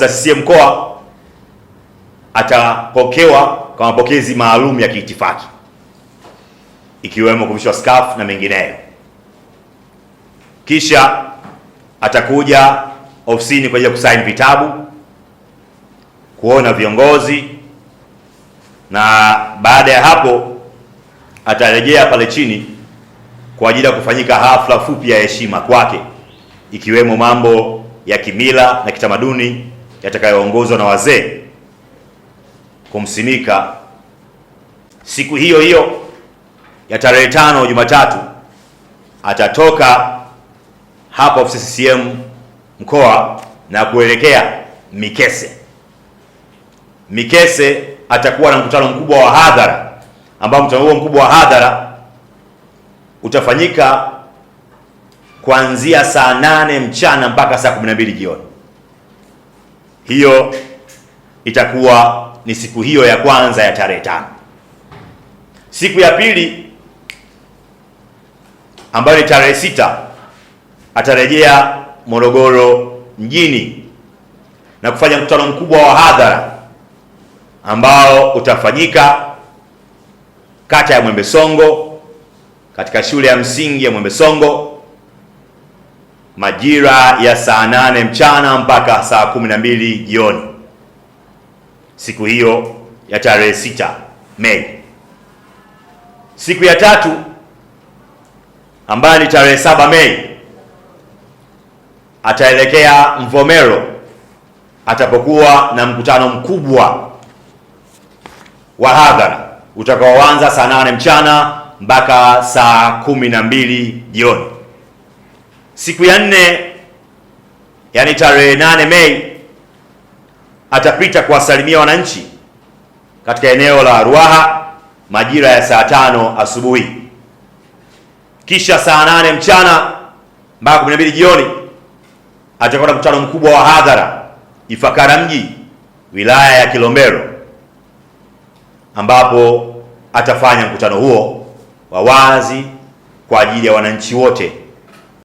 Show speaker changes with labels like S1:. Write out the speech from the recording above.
S1: ofisi za CCM mkoa atapokewa kwa mapokezi maalum ya kiitifaki ikiwemo kuvishwa scarf na mengineyo. Kisha atakuja ofisini kwa ajili ya kusaini vitabu, kuona viongozi, na baada ya hapo atarejea pale chini kwa ajili ya kufanyika hafla fupi ya heshima kwake, ikiwemo mambo ya kimila na kitamaduni yatakayoongozwa na wazee kumsimika siku hiyo hiyo ya tarehe tano Jumatatu, atatoka hapa ofisi CCM mkoa na kuelekea Mikese. Mikese atakuwa na mkutano mkubwa wa hadhara ambao mkutano huo mkubwa wa hadhara utafanyika kuanzia saa nane mchana mpaka saa 12 jioni hiyo itakuwa ni siku hiyo ya kwanza ya tarehe tano. Siku ya pili ambayo ni tarehe sita atarejea Morogoro mjini na kufanya mkutano mkubwa wa hadhara ambao utafanyika kata ya mwembe songo katika shule ya msingi ya Mwembesongo majira ya saa nane mchana mpaka saa kumi na mbili jioni siku hiyo ya tarehe sita Mei. Siku ya tatu ambayo ni tarehe saba Mei ataelekea Mvomero atapokuwa na mkutano mkubwa wa hadhara utakaoanza saa nane mchana mpaka saa kumi na mbili jioni siku ya nne, yani tarehe 8 Mei atapita kuwasalimia wananchi katika eneo la Ruaha majira ya saa tano asubuhi kisha saa nane mchana mpaka kumi na mbili jioni atakuwa na mkutano mkubwa wa hadhara Ifakara mji wilaya ya Kilombero, ambapo atafanya mkutano huo wa wazi kwa ajili ya wananchi wote